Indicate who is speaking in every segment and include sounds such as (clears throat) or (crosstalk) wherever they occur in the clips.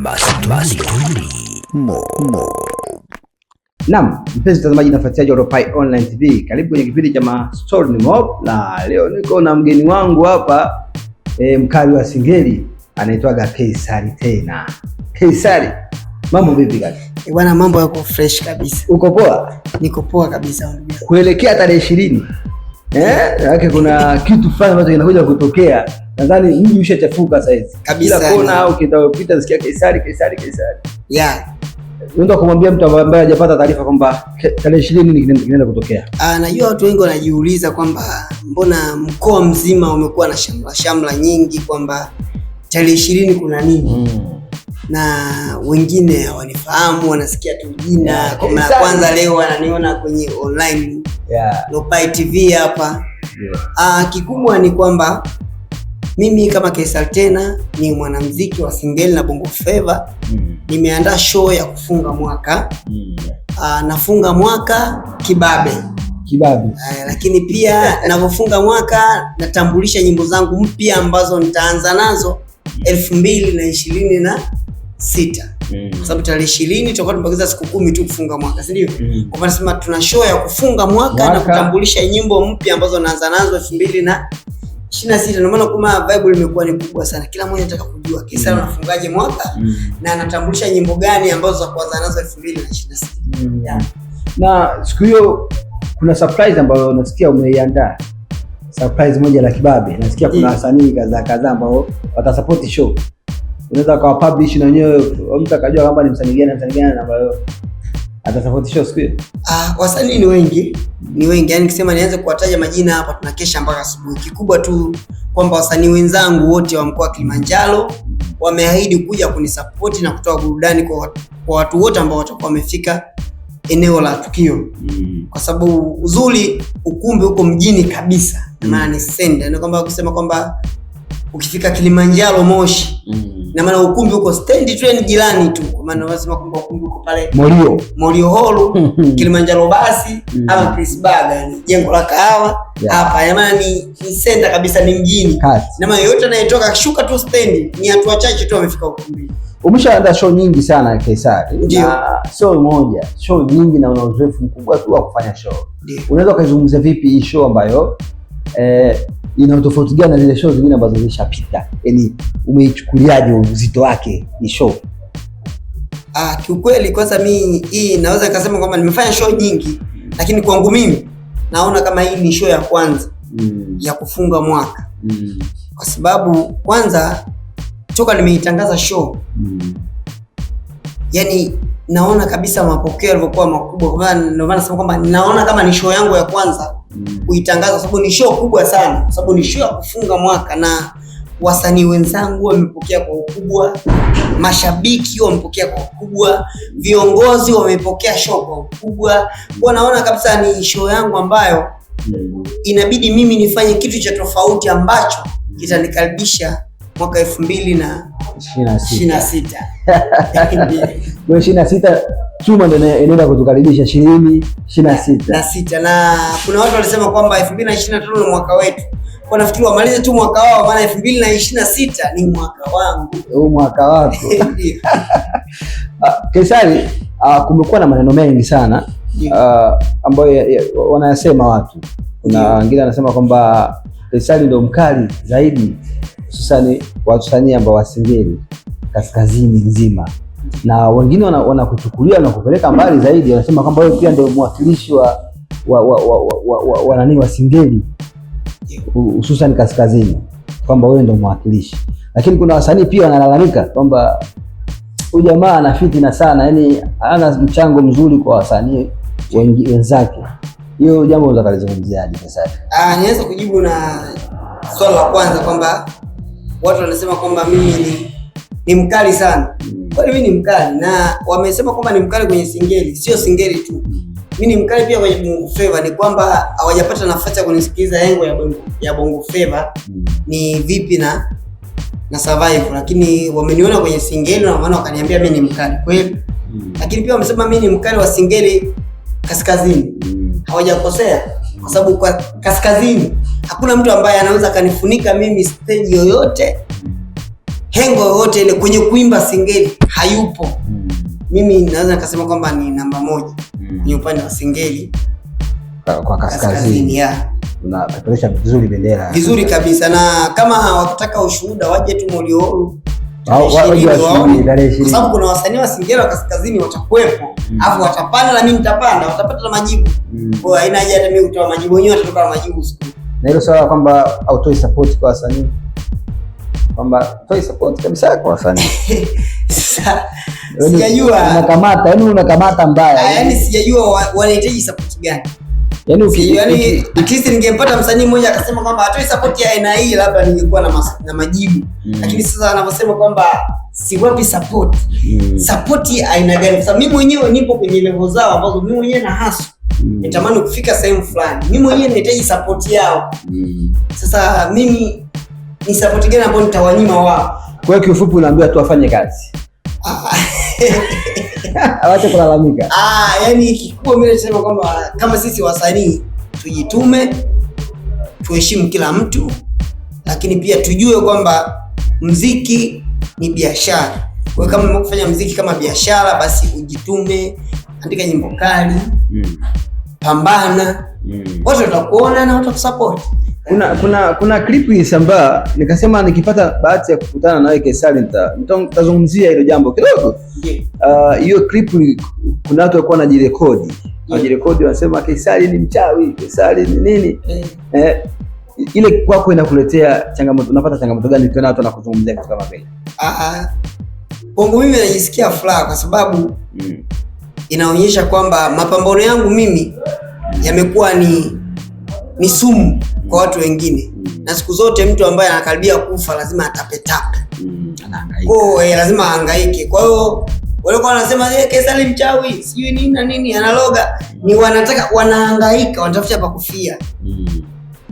Speaker 1: Mastori Naam, mpenzi mtazamaji na mfuatiliaji wa Ropai Online TV, karibu kwenye kipindi cha Mastori Mo, na leo niko na mgeni wangu hapa e, mkali wa Singeli anaitwaga Keisari tena. Keisari, mambo vipi kaka?
Speaker 2: E, bwana mambo yako fresh kabisa.
Speaker 1: Uko poa?
Speaker 2: Niko poa kabisa
Speaker 1: Kuelekea tarehe ishirini Eh, yake kuna kitu fulani ambacho kinakuja kutokea nadhani mji ushachafuka saizi kabisa, kona au kitapita nasikia Kaisari, Kaisari, Kaisari. Yeah. Unaweza kumwambia mtu ambaye hajapata taarifa kwamba tarehe ishirini kinaenda kutokea?
Speaker 2: Ah, najua watu wengi wanajiuliza kwamba mbona mkoa mzima umekuwa na shamla shamla nyingi kwamba tarehe ishirini kuna nini? mm. na wengine hawanifahamu, wanasikia tu jina kwa mara ya kwanza leo wananiona kwenye online yeah. Lopai TV hapa yeah. Ah, kikubwa ni kwamba mimi kama Kaisar Tena ni mwanamuziki wa singeli na bongo flava mm. Nimeandaa show ya kufunga mwaka mm. Aa, ah, nafunga mwaka kibabe kibabe. Aa, eh, lakini pia (laughs) navyofunga mwaka natambulisha nyimbo zangu mpya ambazo nitaanza nazo mm. elfu mbili na ishirini na sita mm. kwa sababu tarehe ishirini tutakuwa tumebakiza siku kumi tu kufunga mwaka, si ndio? mm. Kwa maana nasema tuna show ya kufunga mwaka, mwaka na kutambulisha nyimbo mpya ambazo naanza nazo elfu mbili na ishirini na sita. Ndio maana kama vibe limekuwa ni kubwa sana, kila mmoja anataka kujua Kisara mm. anafungaje mwaka mm. na anatambulisha nyimbo gani ambazo za kuanza nazo elfu mbili na ishirini na sita mm.
Speaker 1: yeah. na siku hiyo kuna surprise ambayo nasikia umeiandaa surprise moja la kibabe, nasikia kuna mm. wasanii kadhaa kadhaa ambao watasapoti show, unaweza ukawa publish na wenyewe mtu akajua kwamba ni msanii gani na msanii gani ambayo atatofautisha siku
Speaker 2: Ah, wasanii ni wengi, ni wengi. kisema nikisema nianze kuwataja majina hapa tunakesha mpaka asubuhi. Kikubwa tu kwamba wasanii wenzangu wote wa mkoa wa Kilimanjaro wameahidi kuja kunisapoti na kutoa burudani kwa watu wote ambao watakuwa wamefika eneo la tukio mm. Kwa sababu uzuri ukumbi huko mjini kabisa, maana ni senda, ni kwamba kusema kwamba ukifika Kilimanjaro Moshi mm na maana ukumbi uko stand train jirani tu, kwa maana unasema kwamba ukumbi uko pale Molio Molio Hall (laughs) Kilimanjaro basi mm. ama Chris Baga, yani jengo la kahawa hapa yeah. Maana ni senta kabisa, ni mjini, na maana yote anayetoka akishuka tu stand, ni watu wachache tu wamefika ukumbi.
Speaker 1: Umeshaandaa show nyingi sana Kaisari, na sio moja, show nyingi, na una uzoefu mkubwa tu wa kufanya show. Unaweza ukaizungumzia vipi hii show ambayo eh, ina utofauti gani na zile show zingine ambazo zilishapita? Yaani umeichukuliaje uzito wake ni show?
Speaker 2: Ah, kiukweli kwanza mi hii naweza kusema kwamba nimefanya show nyingi, lakini kwangu mimi naona kama hii ni show ya kwanza mm. ya kufunga mwaka mm. kwa sababu kwanza toka nimeitangaza show mm. yani naona kabisa mapokeo yalivyokuwa makubwa, ndio maana nasema kwamba naona kama ni show yangu ya kwanza mm. kuitangaza, sababu ni show kubwa sana, sababu ni show ya kufunga mwaka na wasanii wenzangu wamepokea kwa ukubwa, mashabiki wamepokea kwa ukubwa, viongozi wamepokea show kwa ukubwa. Kwa naona kabisa ni show yangu ambayo mm. inabidi mimi nifanye kitu cha tofauti ambacho mm. kitanikaribisha mwaka elfu mbili na
Speaker 1: ishirini na sita (laughs) sita chuma ndo inaenda kutukaribisha ishirini ishirini na sita
Speaker 2: na sita na kuna watu walisema kwamba elfu mbili na ishirini na tano ni mwaka wetu nafikiri wamalize tu mwaka wao, maana elfu mbili na ishirini na sita ni mwaka wangu.
Speaker 1: Huu mwaka wako (laughs) (laughs) ah, Kesari. Ah, kumekuwa na maneno mengi sana uh, ambayo wanayasema watu. Kuna wengine wanasema kwamba Kesari ndo mkali zaidi hususani wasanii ambao wasingeli kaskazini nzima, na wengine wanakuchukulia wana wanakupeleka mbali zaidi, wanasema kwamba wewe pia ndio mwakilishi wa wa wa wa wa wa wa nani wasingeli hususan kaskazini, kwamba wewe ndio mwakilishi. Lakini kuna wasanii pia wanalalamika kwamba huyu jamaa ana fitina sana, yani ana mchango mzuri kwa wasanii wenzake. Hiyo jambo unaweza kalizungumziaje? Sasa
Speaker 2: ah, niweza kujibu na swala la kwanza kwamba watu wanasema kwamba mimi ni, ni mkali sana. Kwani mimi ni mkali, na wamesema kwamba ni mkali kwenye singeli, sio singeli tu, mimi ni mkali pia kwenye bongo feva. Ni kwamba hawajapata nafasi ya kunisikiliza engo ya bongo, ya bongo feva ni vipi na na survive, lakini wameniona kwenye singeli na maana wakaniambia mimi ni mkali kweli, lakini pia wamesema mimi ni mkali wa singeli kaskazini. Hmm. Hawajakosea kwa sababu kwa kaskazini hakuna mtu ambaye anaweza akanifunika mimi stage yoyote, hengo yoyote ile kwenye kuimba singeli hayupo. Mimi naweza nikasema kwamba ni namba moja kwenye upande wa singeli
Speaker 1: kwa kaskazini ya unapeperusha vizuri bendera
Speaker 2: vizuri kabisa, na kama wakitaka ushuhuda waje tu Molihoru kwa sababu kuna wasanii wa singeli wa kaskazini watakuwepo, mm. alafu watapanda na mimi nitapanda, watapata na majibu. Mm. Kwa hiyo haina haja hata mimi kutoa majibu, wenyewe watatoka na majibu siku
Speaker 1: na hilo swala kwamba hautoi support kwa wasanii kwamba toi support kabisa kwa wasanii (laughs)
Speaker 2: yaani, sijajua
Speaker 1: unakamata, yani unakamata mbaya,
Speaker 2: ah, yani sijajua wanahitaji support gani. Yani yani at least ningepata msanii mmoja akasema kwamba atoi support ya aina hii, labda ningekuwa na, na majibu mm. Lakini sasa anavyosema kwamba siwapi support mm. Support ya aina gani? Kwa sababu mimi mwenyewe nipo kwenye level zao ambazo mimi mwenyewe na hasa Mm. nitamani kufika sehemu fulani, mimi mwenyewe nahitaji support yao mm. Sasa mimi ni support gani ambayo nitawanyima wao?
Speaker 1: Kwa hiyo kiufupi, unaambiwa tu afanye kazi ah. awache kulalamika.
Speaker 2: (laughs) Ah, yani kikubwa mimi nasema kwamba kama sisi wasanii tujitume, tuheshimu kila mtu, lakini pia tujue kwamba mziki ni biashara. Kwa kama kufanya mziki kama biashara, basi ujitume, andika nyimbo kali mm pambana, mm. wote watakuona na watu watakusupport.
Speaker 1: Kuna kuna kuna clip ilisambaa, nikasema nikipata bahati ya kukutana nawe Kesali nitazungumzia hilo jambo kidogo. Ah, hiyo uh, clip kuna watu walikuwa wanajirekodi wajirekodi, wanasema Kesali ni mchawi, Kesali ni nini yeah. Eh, ile kwako inakuletea changamoto, unapata changamoto gani ukiona watu wanakuzungumzia kitu kama vile?
Speaker 2: Ah, ah. kwangu mimi najisikia furaha kwa sababu mm inaonyesha kwamba mapambano yangu mimi yamekuwa ni, ni sumu kwa watu wengine, na siku zote mtu ambaye anakaribia kufa lazima atapetape ko eh, lazima ahangaike. Kwa hiyo walikuwa wanasema eh, Kesali mchawi sijui nini na nini analoga, ni wanataka wanahangaika, wanatafuta pa kufia mm.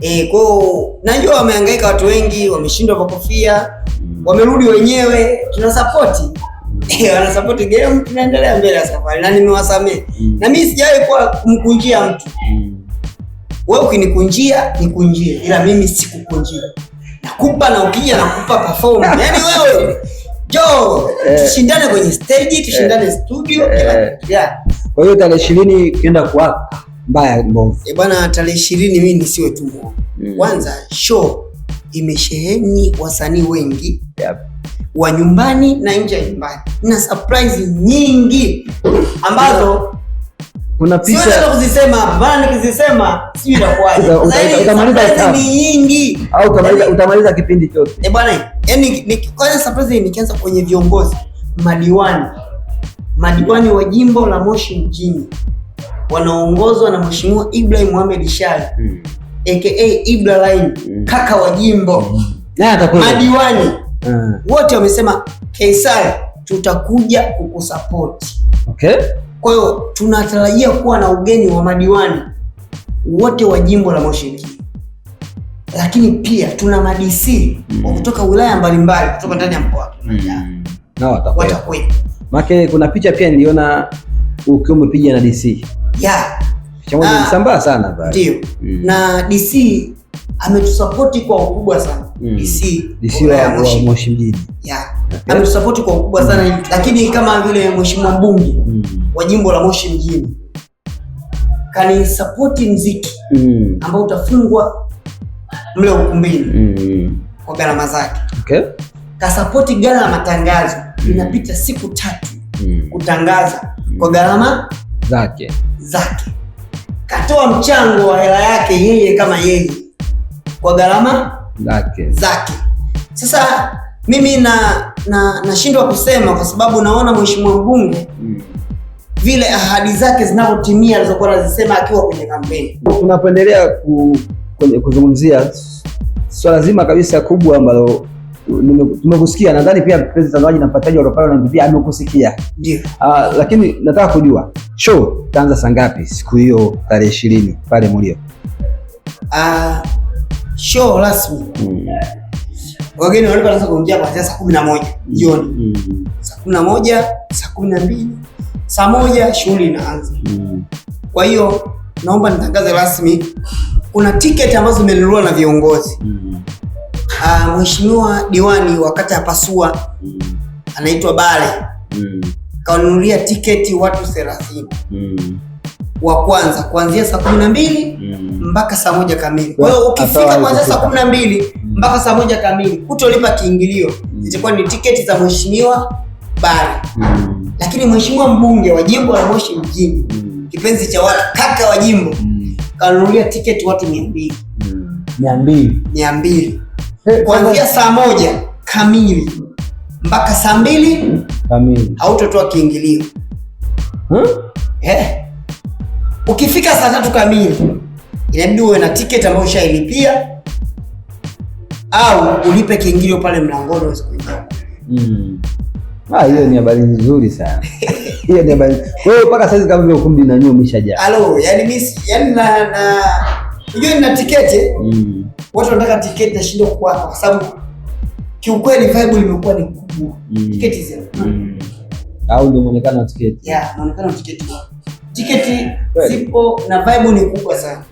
Speaker 2: Eh, kwao najua wamehangaika watu wengi, wameshindwa pa kufia, wamerudi wenyewe, tunasapoti wanasapoti game, tunaendelea mbele ya safari na nimewasamehe mm. na mimi sijawahi kuwa mkunjia mtu mm. wewe ukinikunjia nikunjie, ila mimi sikukunjia, nakupa na ukija nakupa perform (laughs) yani wewe Jo, eh. tushindane kwenye stage, eh. tushindane studio eh.
Speaker 1: yeah. Kwa hiyo tarehe ishirini ukienda kuwapa mbaya mbovu.
Speaker 2: Eh, bwana tarehe ishirini mimi nisiwe tu. Mm. Kwanza show imesheheni wasanii wengi. Yep wa nyumbani na nje ya nyumbani. na surprise nyingi ambazo kuna picha sio kuzisema bana, nikizisema sijui itakuwaje.
Speaker 1: Utamaliza
Speaker 2: ni nyingi
Speaker 1: au utamaliza yaani- utamaliza kipindi chote.
Speaker 2: Eh bwana, yani kwanza surprise nikianza kwenye viongozi, madiwani, madiwani wa jimbo la Moshi mjini wanaongozwa na Mheshimiwa Ibrahim Mohamed Shari hmm. aka Ibra Line hmm. kaka wa jimbo
Speaker 1: hmm.
Speaker 2: madiwani mm. wote wamesema Kaisari, tutakuja kukusapoti. Okay. Kwa hiyo tunatarajia kuwa na ugeni wa madiwani wote wa jimbo la Moshi mjini, lakini pia tuna madc mm. wa mm. kutoka wilaya mbalimbali kutoka ndani ya mkoa mm.
Speaker 1: na watakuwa make. Kuna picha pia niliona ukiwa umepiga na DC yeah. picha moja sana bali
Speaker 2: ndio mm. na DC ametusapoti kwa ukubwa sana DC mm.
Speaker 1: DC Moshi mjini
Speaker 2: ametusapoti kwa ukubwa sana mm. Lakini kama vile mheshimiwa mbunge mm. wa jimbo la Moshi mjini kanisapoti mziki mm. ambao utafungwa mle ukumbini mm. kwa gharama zake okay. Kasapoti gala la matangazo mm. inapita siku tatu mm. kutangaza kwa gharama zake zake, katoa mchango wa hela yake yeye kama yeye kwa gharama zake zake. Sasa mimi na nashindwa kusema kwa sababu naona mheshimiwa mbunge mm. vile ahadi zake zinavyotimia alizokuwa anazisema akiwa kwenye kampeni.
Speaker 1: Tunapoendelea kuzungumzia swala zima kabisa kubwa ambalo tumekusikia nadhani pia mtazamaji na mpataji wa Ropai na amekusikia. Ndio. Uh, lakini nataka kujua show taanza saa ngapi siku hiyo tarehe ishirini pale mlio
Speaker 2: Uh, ah, show rasmi mm. Wageni walikuwa wanaanza kuingia kuanzia saa kumi na moja mm. jioni mm. saa kumi na moja saa kumi na mbili saa moja shughuli inaanza mm. Kwa hiyo naomba nitangaze rasmi, kuna tiketi ambazo zimenunuliwa na viongozi mm. Uh, Mheshimiwa diwani wa kata ya Pasua mm. anaitwa Bale mm. kawanunulia tiketi watu 30 mm. wa kwanza kuanzia saa kumi na mbili mpaka saa moja kamili. Kwa hiyo ukifika kwanza saa kumi na mbili mm. mpaka saa moja kamili hutolipa kiingilio, mm. zitakuwa ni tiketi za mheshimiwa Bari. Mm. Lakini mheshimiwa mbunge wa jimbo la Moshi mjini kipenzi cha watu, kaka wa jimbo kanunulia tiketi watu mia mbili
Speaker 1: mia mbili
Speaker 2: mia mbili kuanzia saa moja kamili mpaka saa mbili kamili hautotoa kiingilio hmm? eh. ukifika saa tatu kamili inabidi yaani uwe na tiketi ambayo ushailipia au ulipe kiingilio pale mlangoni uweze kuingia.
Speaker 1: Mm. Ah, hiyo ni habari nzuri sana. (laughs) Hiyo ni habari. Wewe mpaka saizi kama vile ukumbi na nyoo umeshajaa.
Speaker 2: Halo, yani mimi yani na na unajua nina tiketi. Mm. Watu wanataka tiketi na shindo kwa kwa sababu kiukweli vibe limekuwa ni kubwa. Mm. Tiketi zile. Mm.
Speaker 1: Au ndio muonekano wa tiketi.
Speaker 2: Yeah, muonekano wa tiketi. Tiketi zipo na vibe ni kubwa sana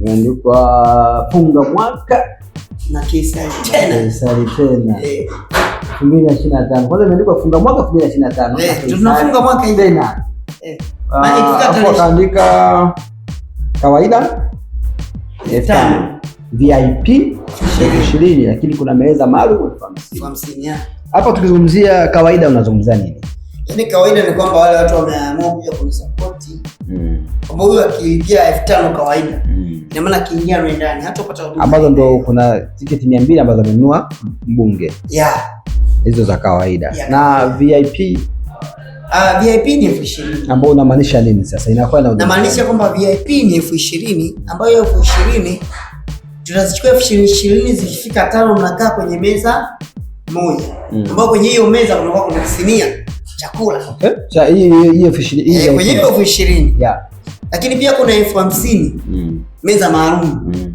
Speaker 1: imeandikwa funga mwaka
Speaker 2: na Kaisari tena,
Speaker 1: Kaisari tena elfu mbili na ishirini na tano. Kwanza imeandikwa funga mwaka elfu mbili na ishirini na tano,
Speaker 2: tunafunga mwaka tena.
Speaker 1: Akaandika kawaida elfu tano VIP ishirini, lakini kuna meza maalum elfu hamsini. Hapa tukizungumzia kawaida unazungumzia nini?
Speaker 2: lakini kawaida ni kwamba wale watu wameamua kuja kunisapoti mm. kwamba huyu akilipia elfu tano kawaida mm. ina maana akiingia mle ndani hata upata
Speaker 1: huduma ambazo ndio kuna tiketi mia mbili ambazo amenunua mbunge yeah. hizo za kawaida yeah. na VIP
Speaker 2: Uh, ah, VIP ni elfu ishirini
Speaker 1: ambayo unamaanisha nini sasa? Inakuwa na
Speaker 2: namaanisha kwamba VIP ni elfu ishirini ambayo hiyo elfu ishirini tunazichukua elfu ishirini zikifika tano, mnakaa kwenye meza moja mm. ambayo kwenye hiyo meza kunakuwa kuna sinia chakula
Speaker 1: okay. Eh? hiyo hii elfu ishirini
Speaker 2: eh, kwenye elfu ishirini yeah. Lakini pia kuna elfu hamsini mm. meza maalum mm.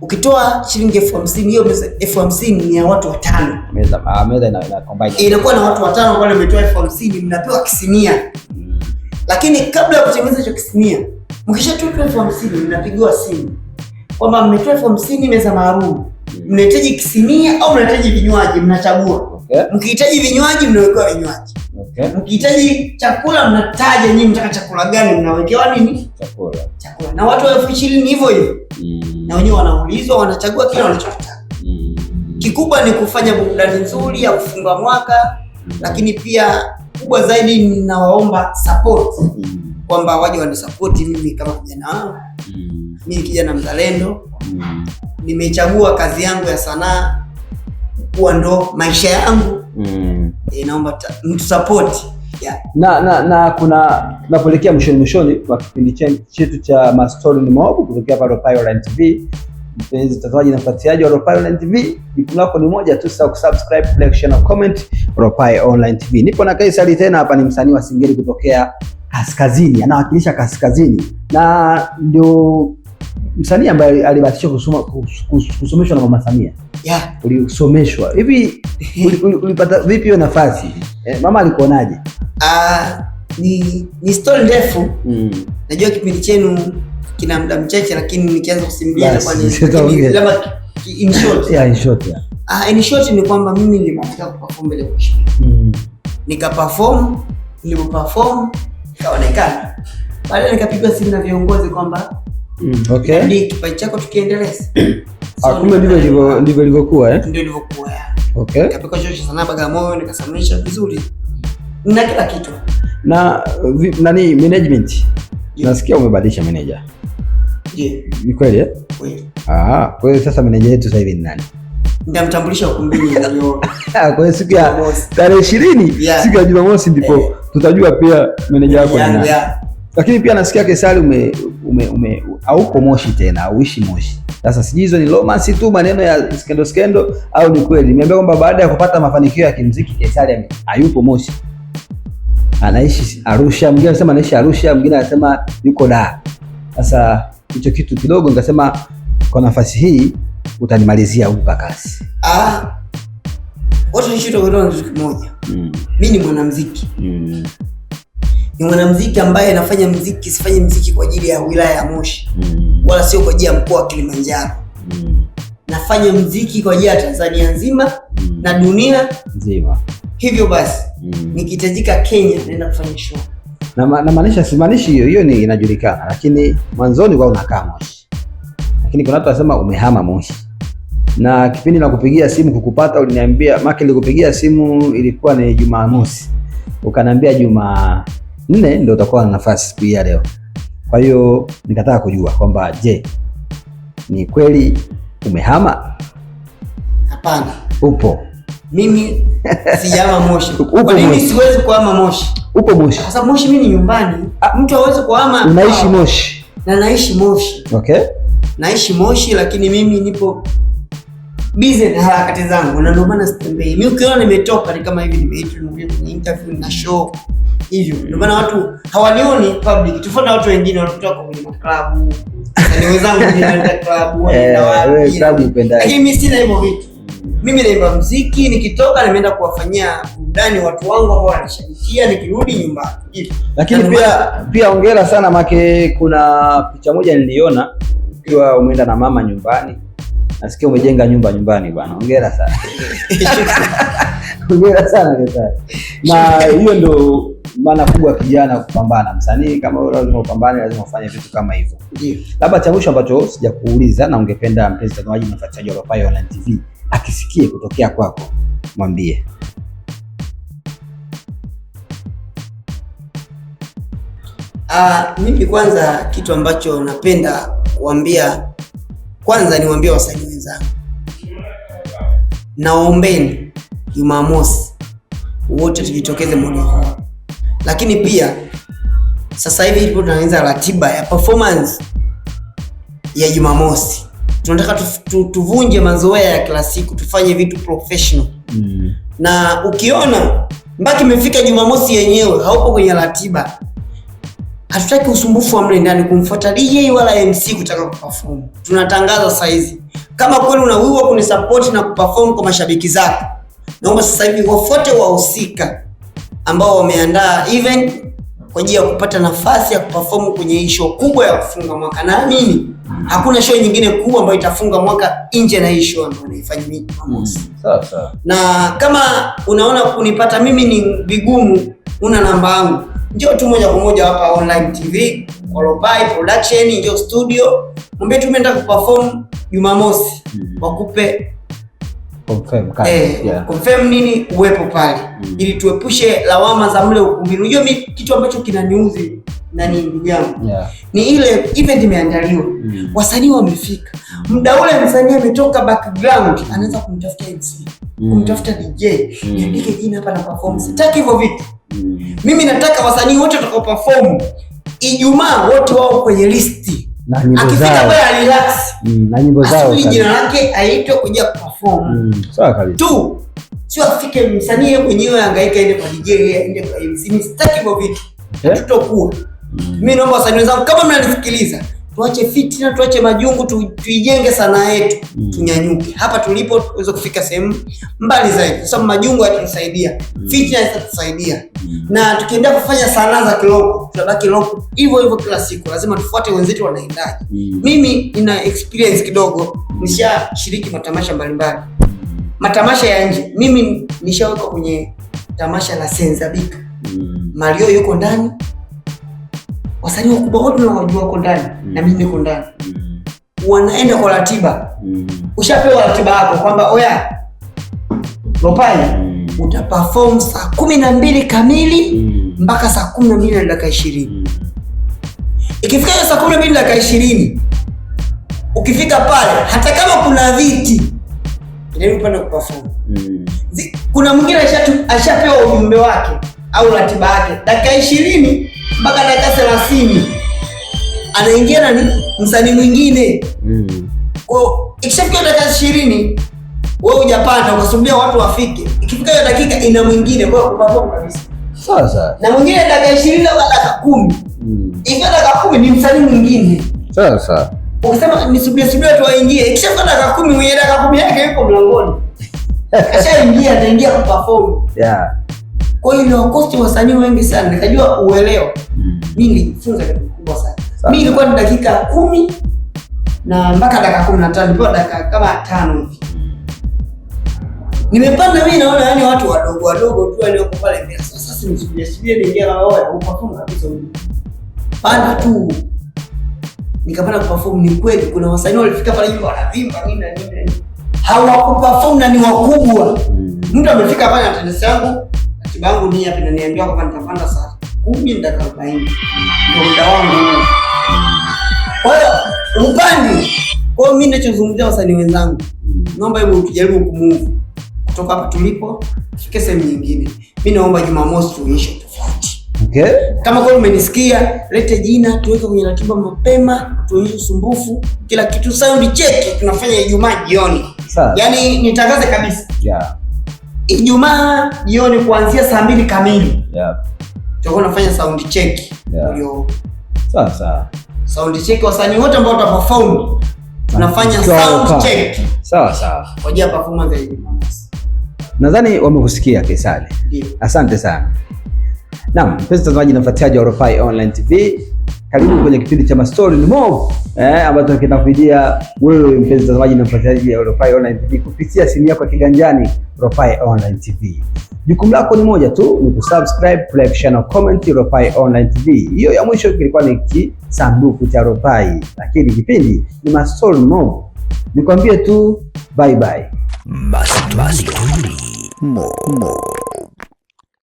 Speaker 2: Ukitoa shilingi elfu hamsini hiyo elfu hamsini ni ya watu watano, ah, eh, inakuwa na watu watano kwa umetoa elfu hamsini mnapewa kisinia mm. Lakini kabla ya kutengeneza hicho kisinia, tu elfu hamsini mnapigiwa simu kwamba mmetoa elfu hamsini meza maalum mm. mnahitaji kisinia au mnahitaji vinywaji, mnachagua okay. Mkihitaji vinywaji mnawekewa vinywaji Okay. Mkihitaji chakula mnataja nyinyi mtaka chakula gani, mnawekewa nini? Chakula. Chakula. Na watu elfu ishirini hivyo hivyo. Mm. Na wenyewe wanaulizwa wanachagua kile wanachotaka. Mm. Kikubwa ni kufanya burudani nzuri ya kufunga mwaka, mm. Lakini pia kubwa zaidi ninawaomba support mm. Kwamba waje wanisapoti mimi kama kijana wao. mm. Mimi kijana mzalendo mm. Nimechagua kazi yangu ya sanaa kuwa ndo maisha yangu mm. E, naomba mtu support
Speaker 1: yeah. na na na kuna tunapoelekea mwishoni mwishoni kwa kipindi chetu cha mastori ni maovu kutokea hapa Ropai Online TV. Mpenzi mtazamaji na mfuatiliaji wa Ropai Online TV, jukumu lako ni moja tu, sasa kusubscribe, like, share na comment. Ropai Online TV, nipo na Kaisa Kaisari tena hapa, ni msanii wa Singeli kutokea kaskazini, anawakilisha kaskazini na ndio msanii ambaye alibatishwa kusoma kusomeshwa na Mama Samia yeah. Ulisomeshwa hivi ulipata (laughs) uli, uli vipi hiyo nafasi eh? Mama alikuonaje?
Speaker 2: Ah, Uh, ni ni story ndefu mm. Najua kipindi chenu kina muda mchache, lakini nikianza kusimulia yes. kwa nini? Labda in short
Speaker 1: yeah, in short yeah.
Speaker 2: Uh, in short ni kwamba mimi nilibahatika kuperform mbele kwa shule mm. Nika perform, nilipo perform, nikaonekana, baadaye nikapigwa simu na viongozi kwamba Mm, okay. kipaji yaani, chako tukiendeleza. (clears throat)
Speaker 1: Ah, kumbe ndivyo ndivyo ilivyokuwa eh?
Speaker 2: Ndio ilivyokuwa. Okay. Nikapika chuo cha sanaa Bagamoyo nikasamilisha vizuri. Na kila kitu.
Speaker 1: Na nani management? Yeah. Nasikia umebadilisha manager. Yeah. Ni kweli eh? Kweli. Ah, kwa hiyo sasa manager yetu sasa hivi ni nani?
Speaker 2: Nitamtambulisha ukumbini leo.
Speaker 1: (laughs) Ah, kwa hiyo siku ya tarehe 20 siku ya Jumamosi ndipo eh. tutajua pia manager yako ni nani. Lakini pia nasikia Kesari ume, ume, ume auko Moshi tena, auishi Moshi. Sasa sijui hizo ni romance tu, maneno ya skendo skendo au ni kweli. Nimeambia kwamba baada ya kupata mafanikio ya kimuziki Kesari hayupo Moshi. Anaishi Arusha, mwingine anasema anaishi Arusha, mwingine anasema yuko da. Sasa hicho kitu kidogo nikasema kwa nafasi hii utanimalizia huko kazi.
Speaker 2: Ah. Watu ni kitu kimoja. Mm. Mimi ni mwanamuziki. Mm ni mwanamuziki ambaye anafanya muziki, sifanye muziki kwa ajili ya wilaya ya Moshi mm. wala sio kwa ajili ya mkoa wa Kilimanjaro mm. nafanya muziki kwa ajili ya Tanzania nzima mm. na dunia nzima. Hivyo basi mm. nikihitajika Kenya naenda kufanya show
Speaker 1: na ma na maanisha, simaanishi hiyo hiyo ni inajulikana, lakini mwanzoni kwa unakaa Moshi, lakini kuna watu wanasema umehama Moshi na kipindi na kupigia simu kukupata, uliniambia maki, nilikupigia simu ilikuwa ni Jumamosi, ukaniambia Juma nne ndio utakuwa na nafasi siku hii ya leo. Kwa hiyo nikataka kujua kwamba je, ni kweli umehama? Hapana. Upo?
Speaker 2: Mimi sijama Moshi. (laughs) Kwa nini siwezi kuhama Moshi? Upo Moshi. Sasa Moshi mimi ni nyumbani. Ah. Mtu hawezi kuhama.
Speaker 1: Unaishi Moshi.
Speaker 2: Na naishi Moshi. Okay. Naishi Moshi lakini mimi nipo busy na harakati zangu, na ndio maana sitembei. Mimi ukiona nimetoka ni kama hivi, nimeitwa nimekuja kwenye interview na show hivyo, ndio maana watu hawanioni public, tofauti na watu wengine wanatoka kwenye maklabu na wenzangu kwenye klabu
Speaker 1: (laughs) eh, wanaenda wapi,
Speaker 2: lakini mimi sina hivyo vitu. Mimi naimba muziki, nikitoka nimeenda kuwafanyia burudani watu wangu ambao wanashabikia, nikirudi nyumbani.
Speaker 1: Lakini pia pia hongera sana make, kuna picha moja niliona ukiwa umeenda na mama nyumbani Nasikia umejenga nyumba nyumbani bwana. Hongera sana. (laughs) Hongera sana Ketari. Na hiyo ndo maana kubwa kijana kupambana. Msanii kama wewe lazima upambane, lazima ufanye vitu kama hivyo. Labda cha mwisho ambacho sijakuuliza na ungependa mpenzi mtazamaji na mfuatiliaji wa Ropai Online TV akisikie kutokea kwako, mwambie.
Speaker 2: Ah, mimi kwanza kitu ambacho napenda kuambia kwanza niwaambie wasanii wenzangu, naombeni Jumamosi wote tujitokeze moja kwa, lakini pia sasa hivi ipo tunaanza ratiba ya performance ya Jumamosi. Tunataka tu, tu, tuvunje mazoea ya kila siku tufanye vitu professional mm. na ukiona mpaka imefika Jumamosi yenyewe haupo kwenye ratiba Hatutaki usumbufu wa mle ndani kumfuata DJ wala MC kutaka kuperform. Tunatangaza saizi, kama kweli unawiwa kunisupport na kuperform kwa mashabiki zako, naomba sasa hivi wafuate wahusika ambao wameandaa event kwa ajili ya kupata nafasi ya kuperform kwenye hii show kubwa ya kufunga mwaka. Naamini hakuna show nyingine kubwa ambayo itafunga mwaka nje na hii show ambayo naifanya mimi Jumamosi. Mm. Sawa sawa. Na kama unaona kunipata mimi ni vigumu, una namba yangu njoo tu moja kwa moja hapa Online TV Oropai Production, njoo studio, mwambie tu tumeenda kuperform Jumamosi mm. wakupe
Speaker 1: confirm kama eh,
Speaker 2: yeah. confirm nini uwepo pale mm. ili tuepushe lawama za mle ukumbini. Unajua mimi kitu ambacho kinaniuzi na ni ndugu yangu yeah. ni ile event imeandaliwa mm. wasanii wamefika, muda ule msanii ametoka background anaanza kumtafuta MC, mm. kumtafuta DJ, mm. niandike jina hapa na perform, sitaki hivyo vitu mm. Mm. Mimi nataka wasanii wote watakao perform Ijumaa wote wao kwenye listi.
Speaker 1: Na nyimbo zao. Akifika
Speaker 2: pale relax.
Speaker 1: Mm, na nyimbo zao.
Speaker 2: jina lake aitwe kuja perform. Mm, sawa kabisa. Tu. Sio afike msanii mwenyewe angaika ende kwa DJ, ende kwa MC. Mimi sitaki hivyo vitu. Eh? Tutakuwa. Mimi naomba wasanii wenzangu kama mnanisikiliza tuache fitina, tuache majungu tu, tuijenge sanaa yetu mm. Tunyanyuke hapa tulipo tuweze kufika sehemu mbali zaidi, kwa sababu majungu yatatusaidia mm. Fitina yatatusaidia mm. Na tukiendelea kufanya sanaa za kiroho, tutabaki roho hivyo hivyo kila siku, lazima tufuate wenzetu wanaendaje. mm. Mimi nina experience kidogo, mm. nishashiriki matamasha mbalimbali, matamasha ya nje. Mimi nishawekwa kwenye tamasha la Senzabika mm. Mario yuko ndani wasanii wakubwa wote nawajua wako ndani mm. na mimi niko ndani mm. wanaenda kwa ratiba mm. ushapewa ratiba yako kwamba oya Ropai mm. utaperform saa kumi na mbili kamili mm. mpaka saa kumi na mbili na dakika ishirini mm. ikifika hiyo saa kumi na mbili na dakika ishirini ukifika pale hata kama kuna viti upande kuperform mm. kuna mwingine ashapewa ujumbe wake au ratiba yake dakika ishirini mpaka dakika thelathini anaingia nani, msanii mwingine mm. Kwao hiyo dakika ishirini wewe hujapanda, ukasubiria watu wafike. Ikifika hiyo dakika ina mwingine kwa kabisa sasa, na mwingine dakika ishirini au dakika kumi mm. ikiwa dakika kumi ni msanii mwingine
Speaker 1: sasa,
Speaker 2: ukisema nisubiri subiri watu waingie, ikishafika dakika kumi mwenye dakika kumi yake yuko mlangoni, kashaingia (laughs) ataingia kuperform yeah kwa hiyo inawakosti wasanii wengi sana, nikajua uelewa. Mm. Mi nilijifunza kitu kikubwa sana. Mi nilikuwa ni dakika kumi na mpaka dakika kumi na tano nilikuwa dakika kama tano hivi nimepanda mimi naona yani watu wadogo wadogo tu walioko pale mbele. Sasa si simsubiri subiri niingia na wao upafumu kabisa huko. Panda tu. Nikapanda kuperform ni kweli kuna wasanii walifika pale hivi wanavimba nini na nini. Hawakuperform na ni wakubwa. Mm. Mtu amefika pale na tenisi yangu Ratiba yangu ni hapa, inaniambia kwamba nitapanda saa kumi na dakika arobaini ndio muda wangu. Kwa hiyo upandi kwao, mi nachozungumzia wasanii wenzangu, naomba hebu tujaribu kumove kutoka hapa tulipo, tufike sehemu nyingine. Mi naomba Jumamosi tuishe tofauti. Okay. Kama kweli umenisikia, lete jina tuweke kwenye ratiba mapema, tuonyeshe sumbufu, kila kitu sound check tunafanya Ijumaa jioni. Yaani nitangaze kabisa. Yeah. Ijumaa jioni kuanzia saa mbili kamili yeah. Tutakuwa nafanya sound check
Speaker 1: yeah. Ulio sawa sawa,
Speaker 2: sound check wasanii wote ambao wataperform tunafanya sound check
Speaker 1: sawa sawa
Speaker 2: kwa ajili ya performance ya Ijumaa.
Speaker 1: Nadhani wamekusikia Kesale. Ndio. asante sana. Naam, mpenzi mtazamaji na mfuatiliaji wa Rofai Online TV karibu kwenye kipindi cha Mastori ni Movu eh, ambacho kinakujia wewe mpenzi mtazamaji na mfuatiliaji wa Ropai Online TV kupitia simu yako ya kiganjani. Ropai Online TV, jukumu lako ni moja tu, ni kusubscribe, like, share na comment. Ropai Online TV, hiyo ya mwisho kilikuwa ni kisanduku cha Ropai, lakini kipindi ni Mastori ni Movu. Nikwambie tu bye bye. Mastori ni Movu.